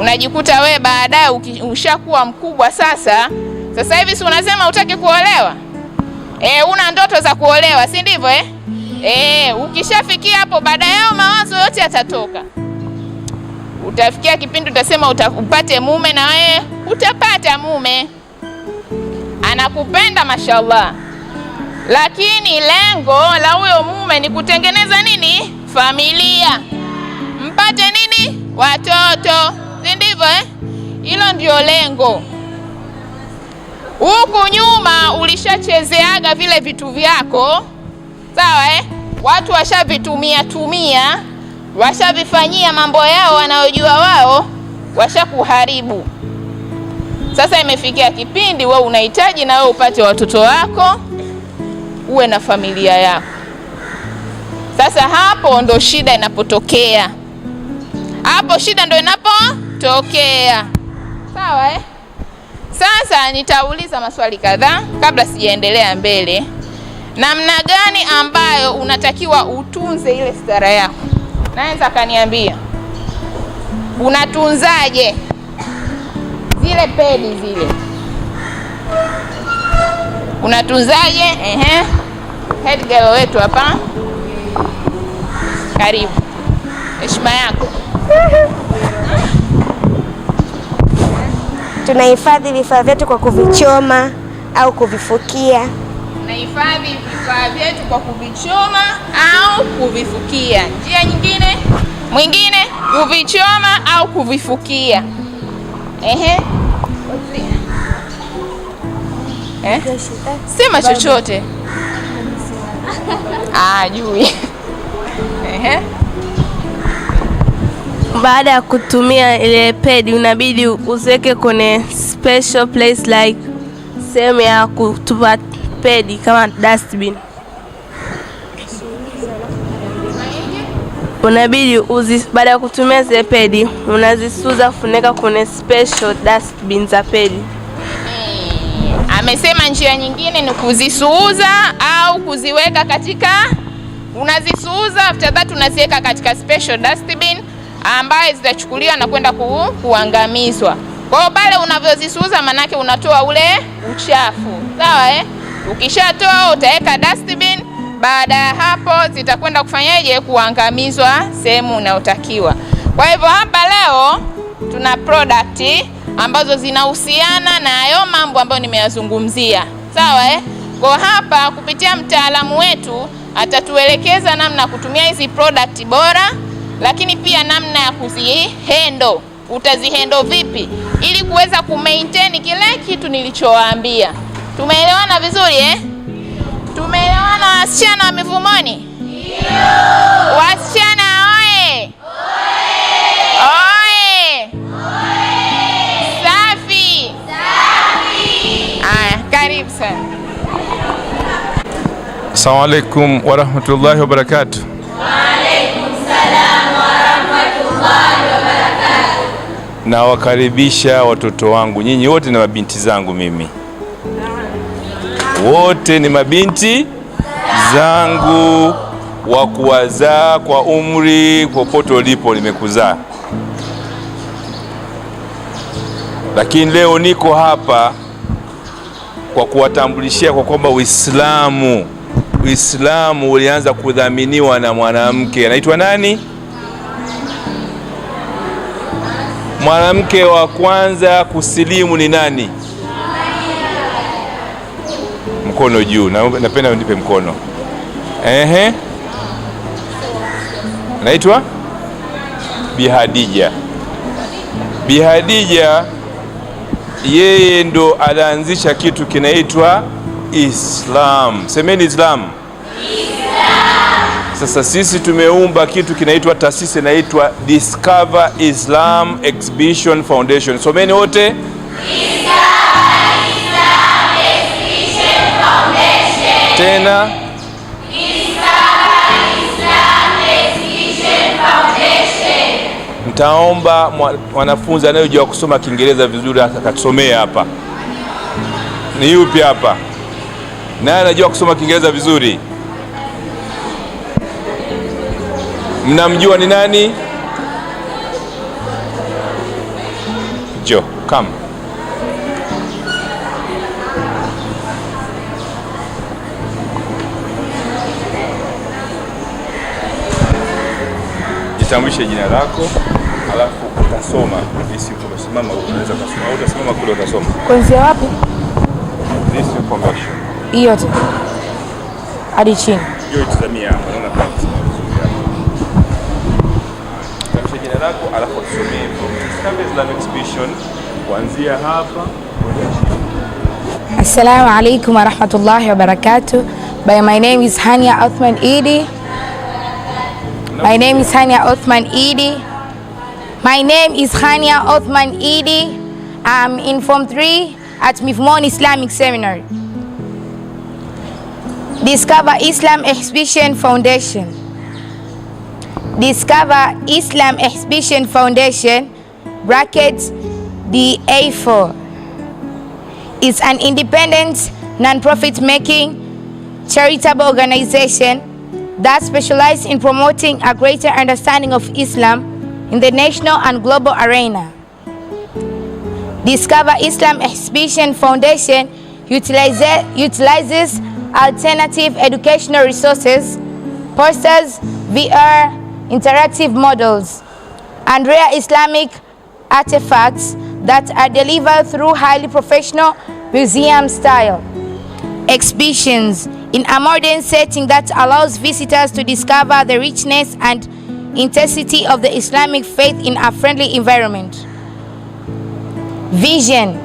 unajikuta we baadaye ushakuwa mkubwa sasa. Sasa hivi si unasema utaki kuolewa e, una ndoto za kuolewa si ndivyo eh? E, ukishafikia hapo baada yao mawazo yote yatatoka. Utafikia kipindi utasema upate mume na wewe utapata mume anakupenda mashallah, lakini lengo la huyo mume ni kutengeneza nini? Familia, mpate nini? Watoto. Hilo ndio lengo. Huku nyuma ulishachezeaga vile vitu vyako, sawa eh? Watu washavitumia tumia, washavifanyia mambo yao wanayojua wao, washakuharibu. Sasa imefikia kipindi wewe unahitaji na wewe upate watoto wako, uwe na familia yako. Sasa hapo ndo shida inapotokea, hapo shida ndo inapotokea. Sawa eh? Sasa nitauliza maswali kadhaa kabla sijaendelea mbele. Namna gani ambayo unatakiwa utunze ile stara yako? Naweza akaniambia unatunzaje zile pedi zile, unatunzaje? Ehe, head girl wetu hapa, karibu, heshima yako tunahifadhi vifaa vyetu kwa kuvichoma au kuvifukia. Tunahifadhi vifaa vyetu kwa kuvichoma au kuvifukia. Njia nyingine mwingine kuvichoma au kuvifukia. Ehe. Eh? Sema chochote. Ah, jui. Ehe baada ya kutumia ile pedi unabidi uziweke kwenye special place like sehemu ya kutupa pedi kama dustbin. Unabidi uzi, baada ya kutumia zile pedi unazisuza kufunika kwenye special dustbin za pedi. Eh, amesema njia nyingine ni kuzisuuza au kuziweka katika, unazisuuza after that unaziweka katika special dustbin ambaye zitachukuliwa na kwenda ku, kuangamizwa. Kwa hiyo pale unavyozisuza, manake unatoa ule uchafu sawa, eh? Ukishatoa utaweka dustbin. Baada ya hapo zitakwenda kufanyaje? Kuangamizwa sehemu unayotakiwa. Kwa hivyo hapa leo tuna product ambazo zinahusiana na hayo mambo ambayo nimeyazungumzia sawa, eh? Kwa hapa kupitia mtaalamu wetu atatuelekeza namna kutumia hizi product bora lakini pia namna ya kuzihendo, utazihendo vipi ili kuweza kumaintain kile kitu nilichowaambia. Tumeelewana vizuri eh? Tumeelewana wasichana wa Mivumoni? Ndio. Wasichana oye! Oye! Safi. Safi. Aya, karibu sana. Assalamu alaikum warahmatullahi wabarakatuh. nawakaribisha watoto wangu, nyinyi wote ni mabinti zangu, mimi wote ni mabinti zangu wa kuwazaa kwa umri, popote ulipo nimekuzaa. Lakini leo niko hapa kwa kuwatambulishia kwa kwamba Uislamu Uislamu ulianza kudhaminiwa na mwanamke anaitwa nani? mwanamke wa kwanza kusilimu ni nani? Mkono juu, napenda unipe mkono. Ehe, naitwa Bihadija. Bihadija yeye ndo alianzisha kitu kinaitwa Islam. Semeni Islam. Sasa sisi tumeumba kitu kinaitwa taasisi inaitwa Discover Islam Exhibition Foundation. Someni wote Tena Mtaomba wanafunzi anayejua kusoma Kiingereza vizuri akatusomee hapa. Ni yupi hapa naye anajua kusoma Kiingereza vizuri? mnamjua ni nani? Jo, kam Jitambulishe jina lako, alafu utasoma. Isi umesimama, unaweza kusoma au utasimama kule utasoma. Kuanzia wapi? This information. Hiyo tu. Hadi chini. Hiyo itazamia hapa. zako alafu tusomee Islam Exhibition kuanzia hapa. Assalamu alaykum wa rahmatullahi wa barakatuh. By my name is Hania Othman Idi. My name is Hania Othman Idi. My name is Hania Othman Idi. I'm in form 3 at Mifmon Islamic Seminary. Discover Islam Exhibition Foundation. Discover Islam Exhibition Foundation brackets DA4 is an independent non-profit making charitable organization that specializes in promoting a greater understanding of Islam in the national and global arena. Discover Islam Exhibition Foundation utilizes, utilizes alternative educational resources, posters, VR, interactive models, and rare Islamic artifacts that are delivered through highly professional museum style exhibitions in a modern setting that allows visitors to discover the richness and intensity of the Islamic faith in a friendly environment. Vision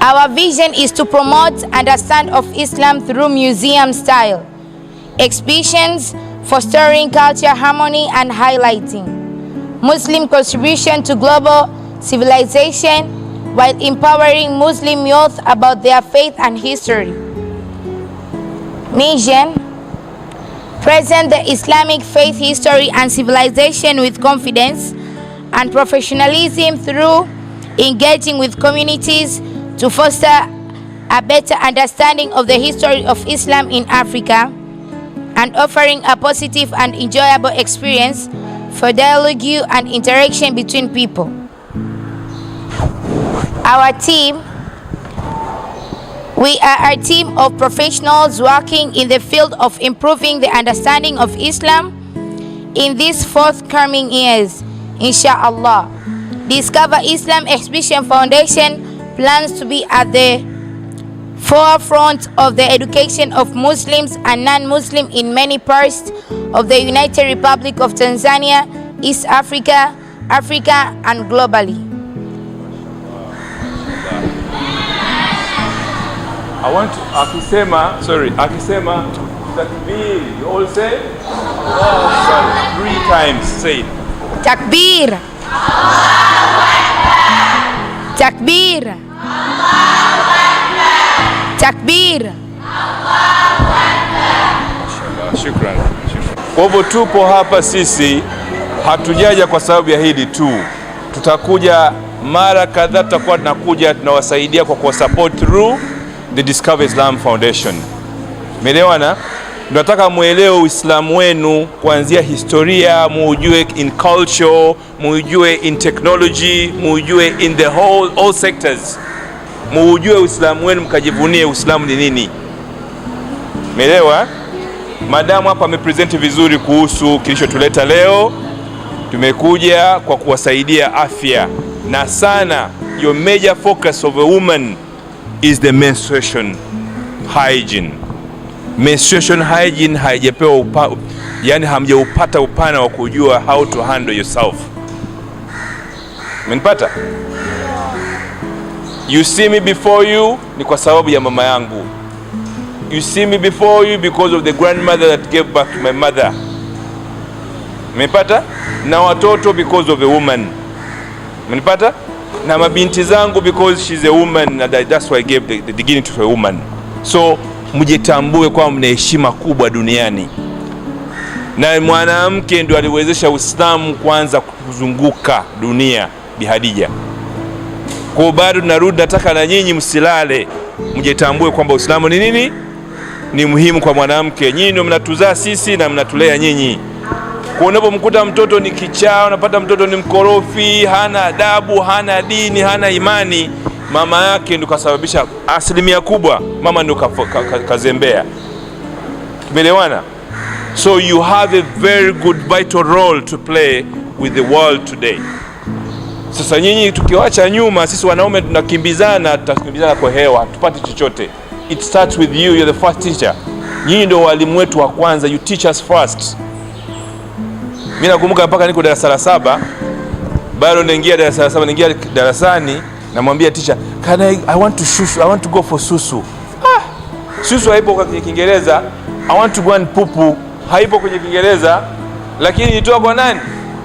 Our vision is to promote understand of Islam through museum style exhibitions fostering cultural harmony and highlighting Muslim contribution to global civilization while empowering Muslim youth about their faith and history. Mission Present the Islamic faith history and civilization with confidence and professionalism through engaging with communities to foster a better understanding of the history of Islam in Africa and offering a positive and enjoyable experience for dialogue and interaction between people. Our team we are a team of professionals working in the field of improving the understanding of Islam in these forthcoming years, inshallah. Discover Islam Exhibition Foundation plans to be at the forefront of the education of Muslims and non muslims in many parts of the United Republic of Tanzania, East Africa, Africa and globally. I want to, akisema, sorry, akisema takbir. You all say oh, Three times. Say it. Takbir. Takbir. Allah Takbir! Kwa hivyo tupo hapa sisi, hatujaja kwa sababu ya hili tu, tutakuja mara kadhaa, tutakuwa tunakuja tunawasaidia kwa kuwa support through the Discover Islam Foundation. Melewana, tunataka mwelewe Uislamu wenu kuanzia historia, muujue in culture, muujue in technology, muujue in the whole all sectors muujue Uislamu wenu mkajivunie Uislamu ni nini. melewa Madamu hapa ameprezenti vizuri kuhusu kilichotuleta leo. Tumekuja kwa kuwasaidia afya na sana, your major focus of a woman is the menstruation hygiene. Menstruation hygiene haijapewa upa, yani hamjaupata upana wa kujua how to handle yourself. Umenipata? You see me before you ni kwa sababu ya mama yangu. You see me before you because of the grandmother that gave birth to my mother. Mmenipata? Na watoto because of a woman. Mmenipata? Na mabinti zangu because she's a woman and that's why I gave the, the dignity to a woman. So mjitambue kwamba mna heshima kubwa duniani na mwanamke ndio aliwezesha Uislamu kuanza kuzunguka dunia, Bi Hadija. Kwa bado tunarudi, nataka na nyinyi msilale, mjitambue kwamba Uislamu ni nini, ni muhimu kwa mwanamke. Nyinyi ndio mnatuzaa sisi na mnatulea nyinyi. Kwa unapomkuta mtoto ni kichaa, unapata mtoto ni mkorofi, hana adabu, hana dini, hana imani, mama yake ndio kasababisha asilimia kubwa, mama ndio kazembea. Tumeelewana? So you have a very good vital role to play with the world today. Sasa nyinyi tukiwacha nyuma, sisi wanaume tunakimbizana, tutakimbizana kwa hewa tupate chochote. It starts with you, you're the first teacher. Nyinyi ndio walimu wetu wa kwanza, you teach us first. Mimi nakumbuka mpaka niko darasa la saba bado naingia darasa la saba, naingia darasani, namwambia teacher, can I, I want to shush, I want to go for susu. Ah, susu haipo kwa Kiingereza, I want to go and pupu haipo kwenye Kiingereza, lakini nitoa kwa nani?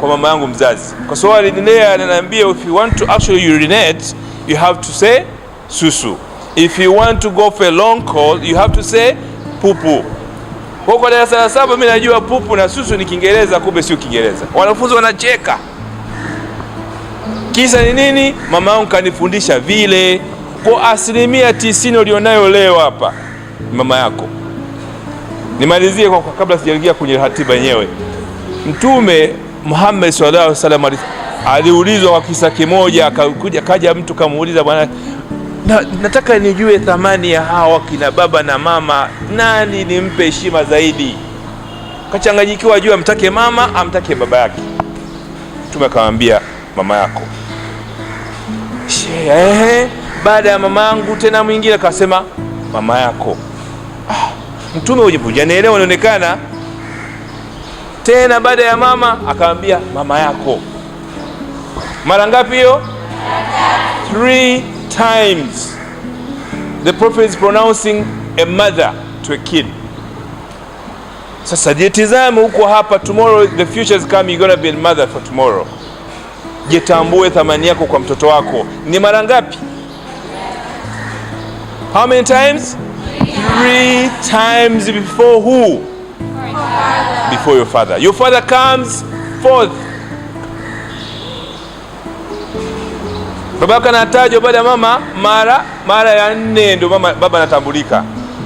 kwa mama yangu mzazi, kwa sababu alinilea, ananiambia if you want to actually urinate you have to say susu, if you want to go for a long call you have to say pupu. Kwa kwa darasa la saba mimi najua pupu na susu ni Kiingereza, kumbe sio Kiingereza. Wanafunzi wanacheka. Kisa ni nini? Mama yangu kanifundisha vile. Kwa asilimia tisini ulionayo leo hapa mama yako. Nimalizie kwa, kwa kabla sijaingia kwenye hatiba yenyewe. Mtume Muhammad sallallahu alaihi wasallam aliulizwa kwa kisa kimoja, akakuja kaja mtu kamuuliza, bwana na, nataka nijue thamani ya hawa kina baba na mama, nani nimpe heshima zaidi? Kachanganyikiwa jua amtake mama amtake baba yake. Mtume akamwambia mama yako. Shehe, baada ya mama yangu tena mwingine akasema mama yako. Ah, Mtume ujibu janielewa, inaonekana tena baada ya mama akamwambia mama yako. Mara ngapi hiyo? Three times the prophet is pronouncing a mother to a kid. Sasa jitizame huko hapa, tomorrow the future is coming, you're gonna be a mother for tomorrow. Jitambue thamani yako kwa mtoto wako ni mara ngapi? How many times? Three times before who? before your father. Your father comes forth. Baba yako anatajwa baada ya mama mara mara ya nne, ndio mama baba anatambulika.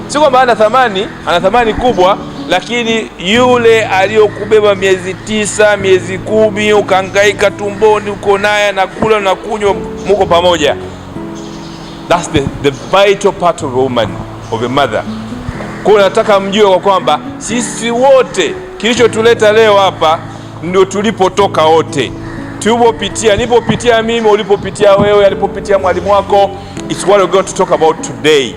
Si kwamba ana thamani, ana thamani kubwa, lakini yule aliyokubeba miezi tisa miezi kumi, ukangaika tumboni, uko naye nakula na kunywa, muko pamoja. That's the, the vital part of a woman, of a mother. Kwa nataka mjue kwa kwamba sisi wote kilichotuleta leo hapa ndio tulipotoka wote, tulipopitia, nilipopitia mimi, ulipopitia wewe, alipopitia mwalimu wako. It's what we're going to talk about today.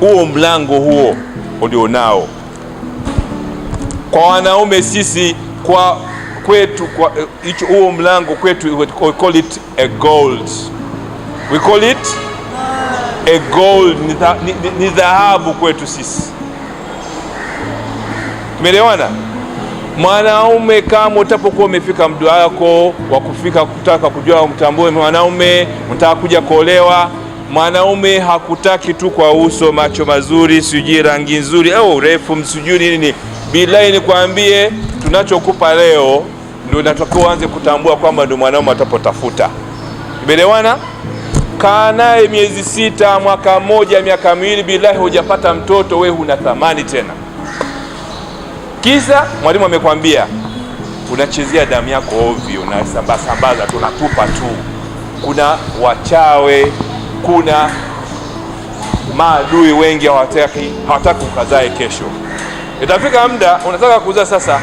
Huo mlango huo ulionao kwa wanaume sisi, kwa kwetu, kwa eh, huo mlango kwetu, we call it a gold, we call it a gold ni dhahabu kwetu sisi. Tumeelewana? Mwanaume kama utapokuwa umefika mdu wako wa kufika kutaka kujua mtambue mwanaume, unataka kuja kuolewa mwanaume hakutaki tu kwa uso, macho mazuri, sijui rangi nzuri au urefu, sijui nini. Bilahi nikwambie, tunachokupa leo ndio natakiwa uanze kutambua kwamba ndio mwanaume atapotafuta. Imeelewana? kaa naye miezi sita, mwaka mmoja, miaka miwili, bilahi hujapata mtoto, we huna thamani tena. Kisa mwalimu amekwambia unachezea damu yako ovyo, nasambasambaza tunatupa tu. Kuna wachawe, kuna maadui wengi hawataki hawataki ukazae kesho. Itafika muda unataka kuuza, sasa,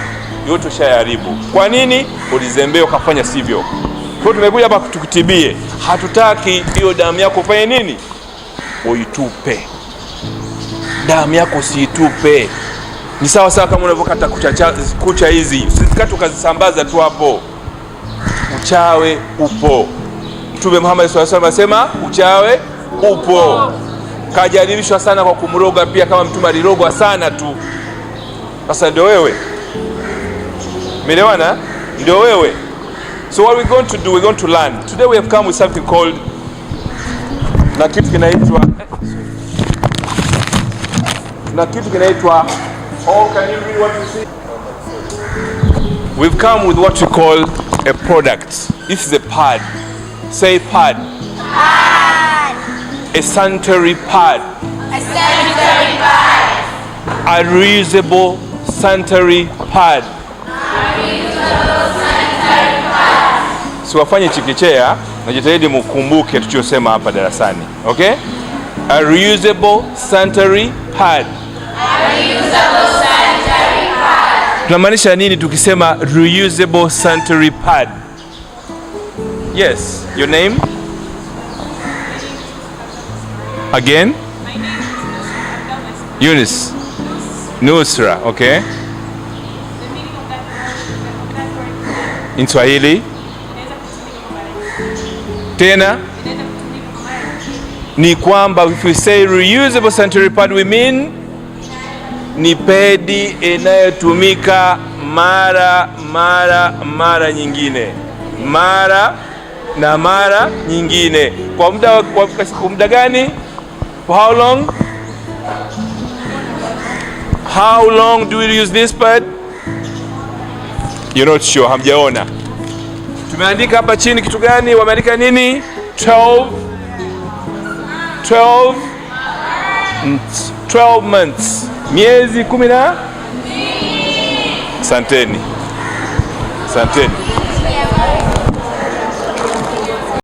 yote ushayaribu. Kwa nini ulizembea ukafanya sivyo? Kwa tumekuja hapa tukutibie, hatutaki hiyo damu yako ufanye nini, uitupe. Damu yako usiitupe. Ni sawa sawa kama unavyokata kucha, kucha hizi usikate ukazisambaza tu hapo. Uchawe upo. Mtume Muhammad SAW Allahu asema uchawe upo, kajaribishwa sana kwa kumroga pia, kama mtume alirogwa sana tu. Sasa ndio wewe, melewana Ndio wewe So what we're going to do, we're going to learn. Today we have come with something called na kitu kinaitwa na kitu kinaitwa oh, can you read what you see? We've come with what we call a product. This is a pad. Say pad. Pad. A sanitary pad. A sanitary pad. A reusable sanitary pad. siwafanye chekechea, najitahidi mkumbuke tuchosema hapa darasani. Okay? A reusable sanitary pad. A reusable sanitary pad. Tunamaanisha nini tukisema reusable sanitary pad? Yes, your name? Again? My name is Eunice. Nusra, okay? In Swahili? Tena ni kwamba if we say reusable sanitary pad we mean ni pedi inayotumika mara mara mara nyingine mara na mara nyingine kwa muda, kwa muda gani? For how long? How long do we use this pad? You're not sure, hamjaona Tumeandika hapa chini kitu gani? Wameandika nini? 12 12 months, miezi kumi na. Asanteni, asanteni.